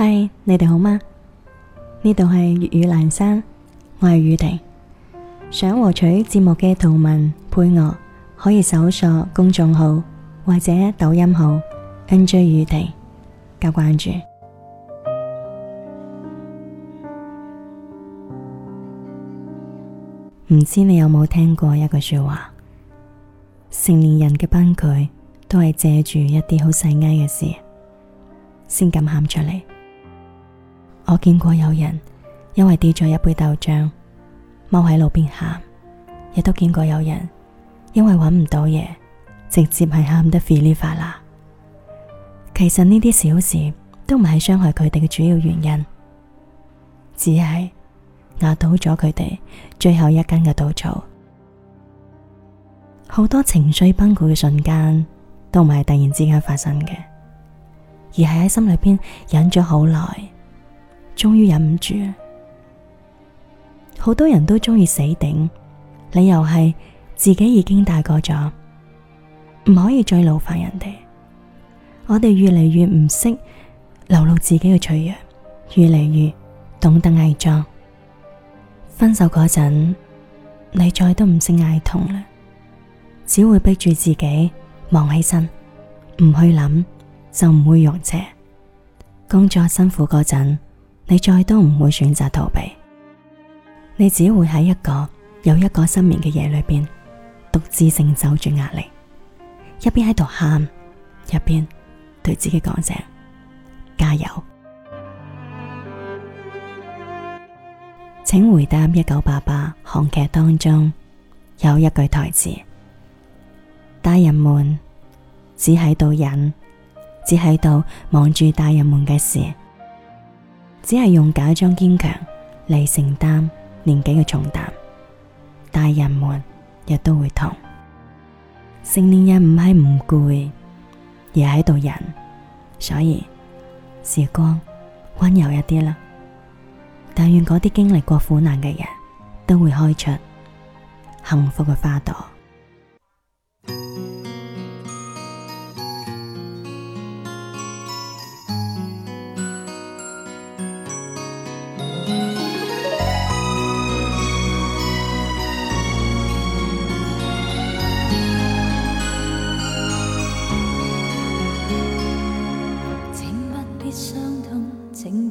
嗨，Hi, 你哋好嗎？呢度係粵語闌珊，我係宇婷。想獲取節目嘅圖文配樂，可以搜索公眾號或者抖音號 NJ 宇婷加關注。唔知你有冇聽過一句說話？成年人嘅崩潰都係借住一啲好細埃嘅事，先敢喊出嚟。我見過有人因為跌咗一杯豆漿，踎喺路邊喊，亦都見過有人因為揾唔到嘢，直接係喊得噼里啪啦。其實呢啲小事都唔係傷害佢哋嘅主要原因，只係壓倒咗佢哋最後一根嘅稻草。好多情緒崩潰嘅瞬間都唔係突然之間發生嘅，而係喺心裏邊忍咗好耐。終於忍唔住，好多人都中意死頂，理由係自己已經大個咗，唔可以再勞煩人哋。我哋越嚟越唔識流露自己嘅脆弱，越嚟越懂得偽裝。分手嗰陣，你再都唔識嗌痛啦，只會逼住自己忙起身，唔去諗就唔會溶邪。工作辛苦嗰陣，你再都唔會選擇逃避，你只會喺一個又一個失眠嘅夜裏邊，獨自承受住壓力，一邊喺度喊，一邊對自己講聲加油。 請回答一九八八韓劇當中有一句台詞：大人們只喺度忍，只喺度忙住大人們嘅事。只係用假裝堅強嚟承擔年紀嘅重擔，大人們亦都會痛。成年人唔係唔攰，而喺度忍，所以時光温柔一啲啦。但願嗰啲經歷過苦難嘅人都會開出幸福嘅花朵。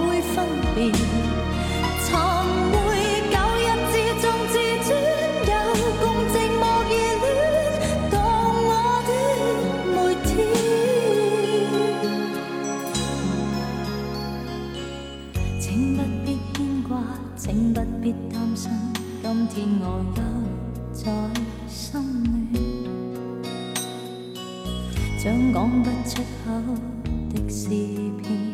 會分辨，尋回舊日自重自尊，有共寂寞熱戀，當我的每天 請。請不必牽掛，請不必擔心，今天我又再心亂，將講不出口的詩篇。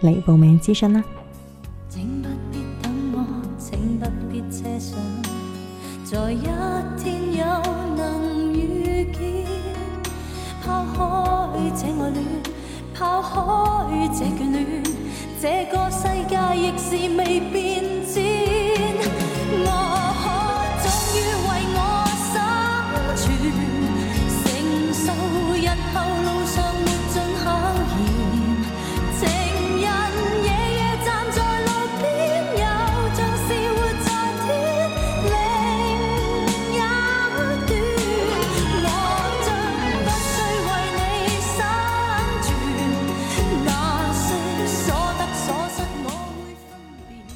嚟報名諮詢啦！請不必等我，請不必奢想，在一天有能遇見，拋開這愛戀，拋開這眷戀，這個世界亦是未變。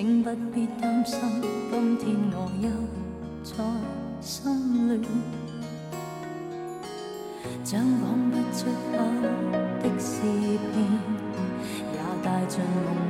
請不必擔心，今天我又再失戀，將講不出口的詩篇，也帶進夢。